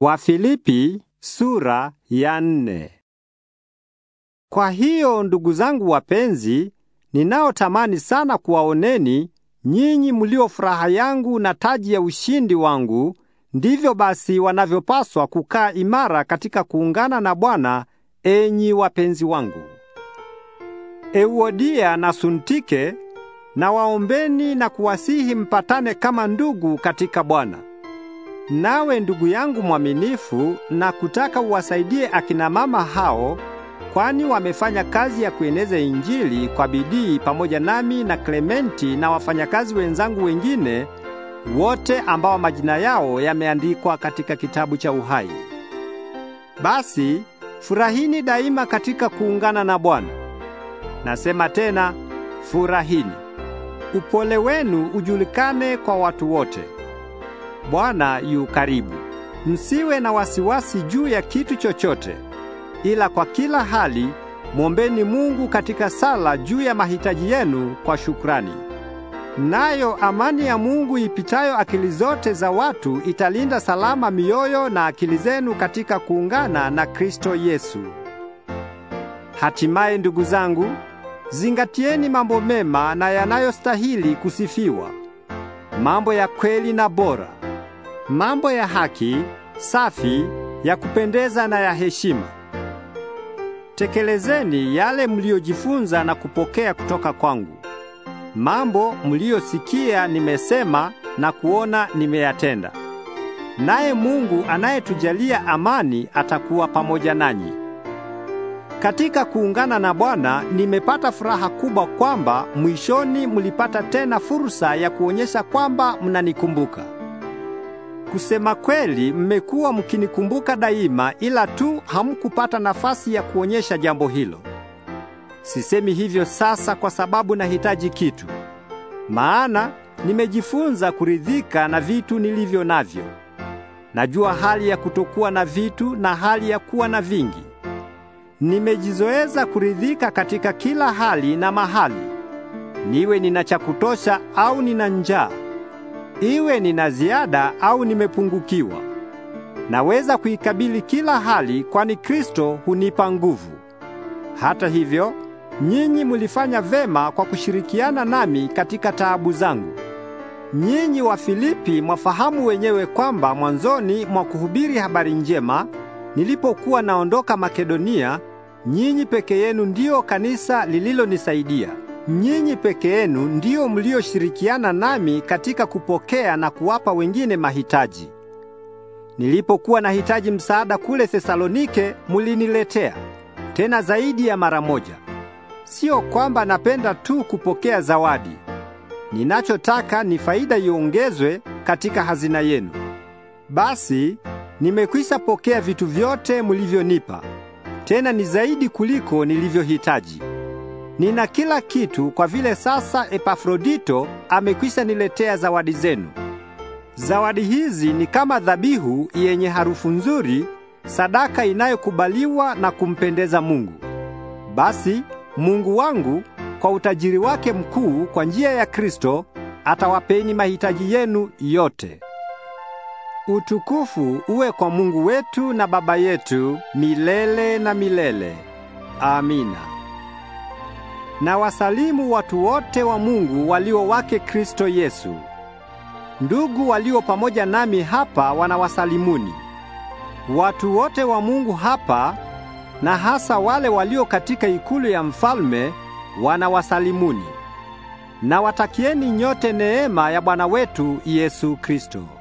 Wafilipi sura ya nne. Kwa hiyo ndugu zangu wapenzi, ninaotamani sana kuwaoneni nyinyi mlio furaha yangu na taji ya ushindi wangu, ndivyo basi wanavyopaswa kukaa imara katika kuungana na Bwana, enyi wapenzi wangu. Euodia na Suntike na waombeni na kuwasihi mpatane kama ndugu katika Bwana. Nawe ndugu yangu mwaminifu, na kutaka uwasaidie akina mama hao, kwani wamefanya kazi ya kueneza Injili kwa bidii pamoja nami na Klementi na wafanyakazi wenzangu wengine wote ambao majina yao yameandikwa katika kitabu cha uhai. Basi furahini daima katika kuungana na Bwana. Nasema tena, furahini. Upole wenu ujulikane kwa watu wote. Bwana yu karibu. Msiwe na wasiwasi juu ya kitu chochote, ila kwa kila hali mwombeni Mungu katika sala juu ya mahitaji yenu kwa shukrani. Nayo amani ya Mungu ipitayo akili zote za watu italinda salama mioyo na akili zenu katika kuungana na Kristo Yesu. Hatimaye, ndugu zangu, zingatieni mambo mema na yanayostahili kusifiwa, mambo ya kweli na bora mambo ya haki, safi, ya kupendeza na ya heshima. Tekelezeni yale mliyojifunza na kupokea kutoka kwangu. Mambo mliyosikia nimesema na kuona nimeyatenda. Naye Mungu anayetujalia amani atakuwa pamoja nanyi. Katika kuungana na Bwana nimepata furaha kubwa kwamba mwishoni mlipata tena fursa ya kuonyesha kwamba mnanikumbuka. Kusema kweli, mmekuwa mkinikumbuka daima, ila tu hamkupata nafasi ya kuonyesha jambo hilo. Sisemi hivyo sasa kwa sababu nahitaji kitu, maana nimejifunza kuridhika na vitu nilivyo navyo. Najua hali ya kutokuwa na vitu na hali ya kuwa na vingi. Nimejizoeza kuridhika katika kila hali na mahali, niwe nina cha kutosha au nina njaa iwe nina ziada au nimepungukiwa. Naweza kuikabili kila hali, kwani Kristo hunipa nguvu. Hata hivyo, nyinyi mulifanya vema kwa kushirikiana nami katika taabu zangu. Nyinyi wa Filipi mwafahamu wenyewe kwamba mwanzoni mwa kuhubiri habari njema, nilipokuwa naondoka Makedonia, nyinyi peke yenu ndiyo kanisa lililonisaidia. Nyinyi peke yenu ndio mlioshirikiana nami katika kupokea na kuwapa wengine mahitaji. Nilipokuwa nahitaji msaada kule Thesalonike, muliniletea tena zaidi ya mara moja. Sio kwamba napenda tu kupokea zawadi. Ninachotaka ni faida iongezwe katika hazina yenu. Basi nimekwisha pokea vitu vyote mulivyonipa. Tena ni zaidi kuliko nilivyohitaji. Nina kila kitu kwa vile sasa Epafrodito amekwisha niletea zawadi zenu. Zawadi hizi ni kama dhabihu yenye harufu nzuri, sadaka inayokubaliwa na kumpendeza Mungu. Basi Mungu wangu kwa utajiri wake mkuu kwa njia ya Kristo atawapeni mahitaji yenu yote. Utukufu uwe kwa Mungu wetu na Baba yetu milele na milele. Amina. Na wasalimu watu wote wa Mungu walio wake Kristo Yesu. Ndugu walio pamoja nami hapa wanawasalimuni. Watu wote wa Mungu hapa na hasa wale walio katika ikulu ya mfalme wanawasalimuni. Na watakieni nyote neema ya Bwana wetu Yesu Kristo.